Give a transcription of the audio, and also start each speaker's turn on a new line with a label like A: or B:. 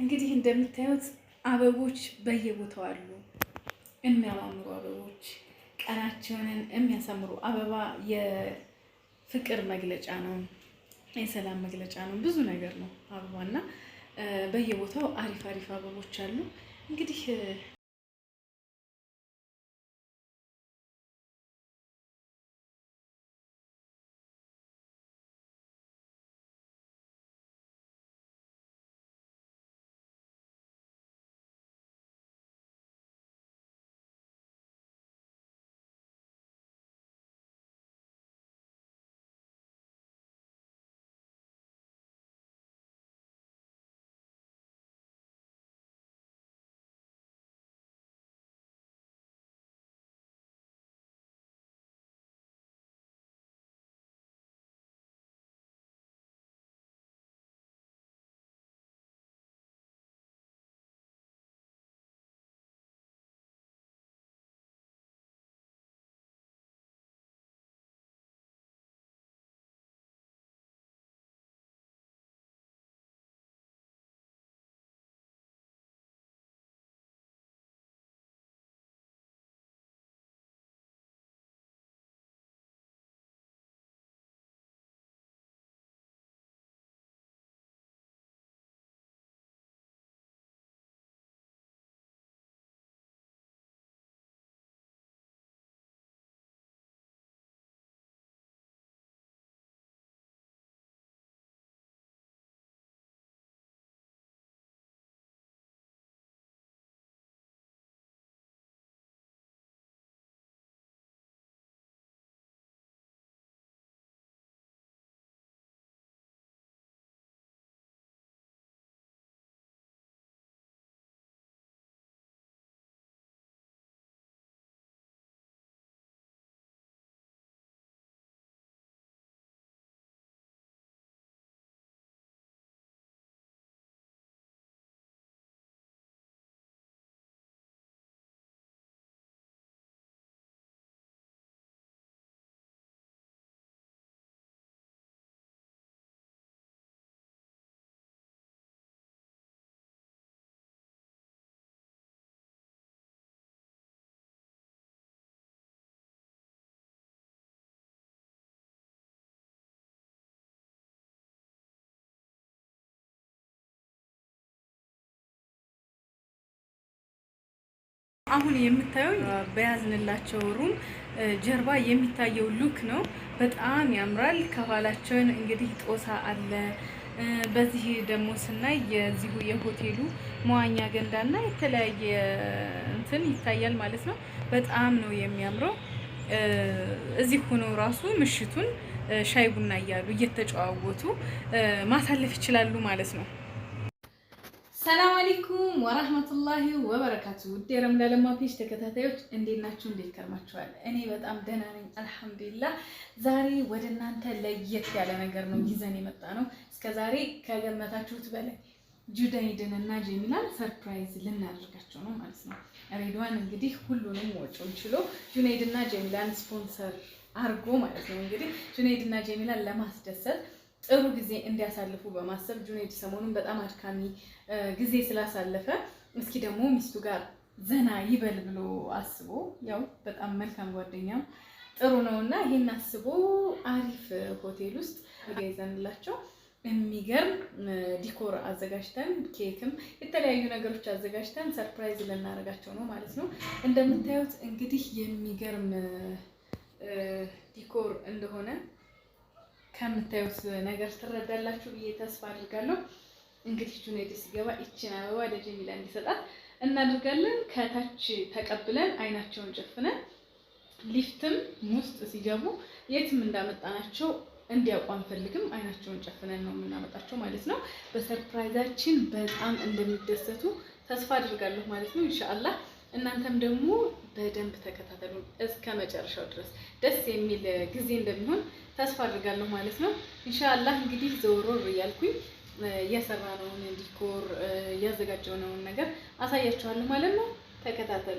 A: እንግዲህ እንደምታዩት አበቦች በየቦታው አሉ። የሚያማምሩ አበቦች፣ ቀናችንን የሚያሳምሩ አበባ የፍቅር መግለጫ ነው፣ የሰላም መግለጫ ነው፣ ብዙ ነገር ነው አበባ እና በየቦታው አሪፍ አሪፍ አበቦች አሉ እንግዲህ አሁን የምታዩኝ በያዝንላቸው ሩም ጀርባ የሚታየው ሉክ ነው። በጣም ያምራል። ከኋላቸው እንግዲህ ጦሳ አለ። በዚህ ደግሞ ስናይ የዚሁ የሆቴሉ መዋኛ ገንዳና የተለያየ እንትን ይታያል ማለት ነው። በጣም ነው የሚያምረው። እዚህ ሆኖ ራሱ ምሽቱን ሻይ ቡና እያሉ እየተጨዋወቱ ማሳለፍ ይችላሉ ማለት ነው። ሰላም አለይኩም ወራህመቱላሂ ወበረካቱ። ውድ የረምዳ ለማ ፔጅ ተከታታዮች እንዴት ናችሁ? እንዴት ከርማችኋል? እኔ በጣም ደህና ነኝ አልሐምዱሊላህ። ዛሬ ወደ እናንተ ለየት ያለ ነገር ነው ይዘን የመጣ ነው። እስከዛሬ ከገመታችሁት በላይ ጁዳይድን እና ጀሚላን ሰርፕራይዝ ልናደርጋቸው ነው ማለት ነው። ሬድዋን እንግዲህ ሁሉንም ወጪውን ችሎ ጁናይድ እና ጀሚላን ስፖንሰር አድርጎ ማለት ነው እንግዲህ ጁናይድ እና ጀሚላን ለማስደሰት ጥሩ ጊዜ እንዲያሳልፉ በማሰብ ጁኔድ ሰሞኑን በጣም አድካሚ ጊዜ ስላሳለፈ እስኪ ደግሞ ሚስቱ ጋር ዘና ይበል ብሎ አስቦ ያው በጣም መልካም ጓደኛም ጥሩ ነው እና ይህን አስቦ አሪፍ ሆቴል ውስጥ ይዘንላቸው የሚገርም ዲኮር አዘጋጅተን ኬክም የተለያዩ ነገሮች አዘጋጅተን ሰርፕራይዝ ልናደርጋቸው ነው ማለት ነው። እንደምታዩት እንግዲህ የሚገርም ዲኮር እንደሆነ ከምታዩት ነገር ትረዳላችሁ ብዬ ተስፋ አድርጋለሁ። እንግዲህ እጁን ወደ ሲገባ ይችን አበባ ለጀሚላ እንዲሰጣት እናደርጋለን። ከታች ተቀብለን አይናቸውን ጨፍነን ሊፍትም ውስጥ ሲገቡ የትም እንዳመጣናቸው እንዲያውቁ አንፈልግም። አይናቸውን ጨፍነን ነው የምናመጣቸው ማለት ነው። በሰርፕራይዛችን በጣም እንደሚደሰቱ ተስፋ አድርጋለሁ ማለት ነው ኢንሻአላህ እናንተም ደግሞ በደንብ ተከታተሉ እስከ መጨረሻው ድረስ ደስ የሚል ጊዜ እንደሚሆን ተስፋ አድርጋለሁ ማለት ነው። ኢንሻአላህ እንግዲህ ዘወሮር እያልኩኝ የሰራነውን ዲኮር ያዘጋጀነውን ነገር አሳያችኋለሁ ማለት ነው። ተከታተሉ።